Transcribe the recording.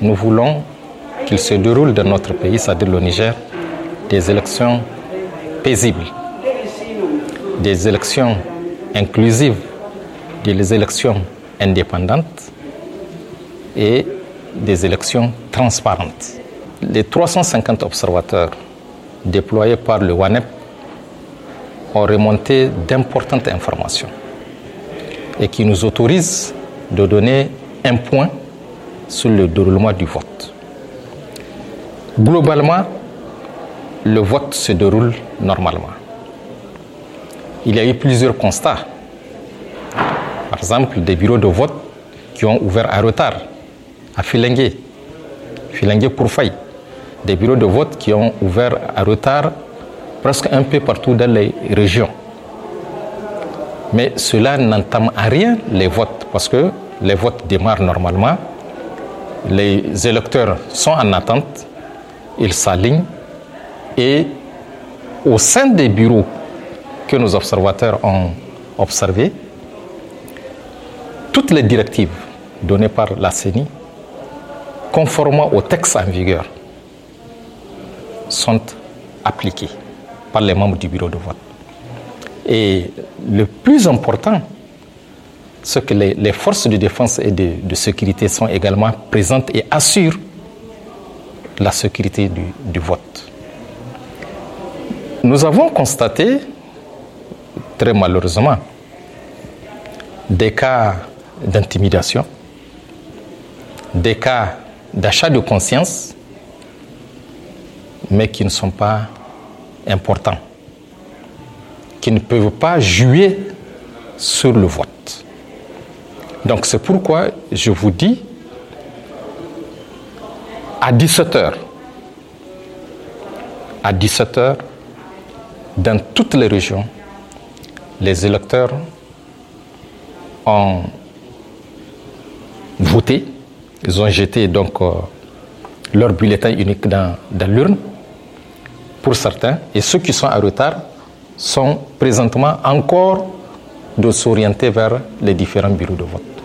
Nous voulons qu'il se déroule dans notre pays, c'est-à-dire le Niger, des élections paisibles, des élections inclusives, des élections indépendantes et des élections transparentes. Les 350 observateurs déployés par le WANEP ont remonté d'importantes informations et qui nous autorisent de donner un point sur le déroulement du vote. Globalement, le vote se déroule normalement. Il y a eu plusieurs constats. Par exemple, des bureaux de vote qui ont ouvert à retard, à Filengue, Filengue pour faille. Des bureaux de vote qui ont ouvert à retard presque un peu partout dans les régions. Mais cela n'entame à rien les votes parce que les votes démarrent normalement les électeurs sont en attente, ils s'alignent et au sein des bureaux que nos observateurs ont observés, toutes les directives données par la CENI, conformément aux textes en vigueur, sont appliquées par les membres du bureau de vote. Et le plus important, ce que les, forces de défense et de, sécurité sont également présentes et assurent la sécurité du, du vote. Nous avons constaté, très malheureusement, des cas d'intimidation, des cas d'achat de conscience, mais qui ne sont pas importants, qui ne peuvent pas jouer sur le vote. Donc c'est pourquoi je vous dis, à 17h, à 17h, dans toutes les régions, les électeurs ont voté, ils ont jeté donc euh, leur bulletin unique dans, dans l'urne, pour certains, et ceux qui sont en retard sont présentement encore de s'orienter vers les différents bureaux de vote.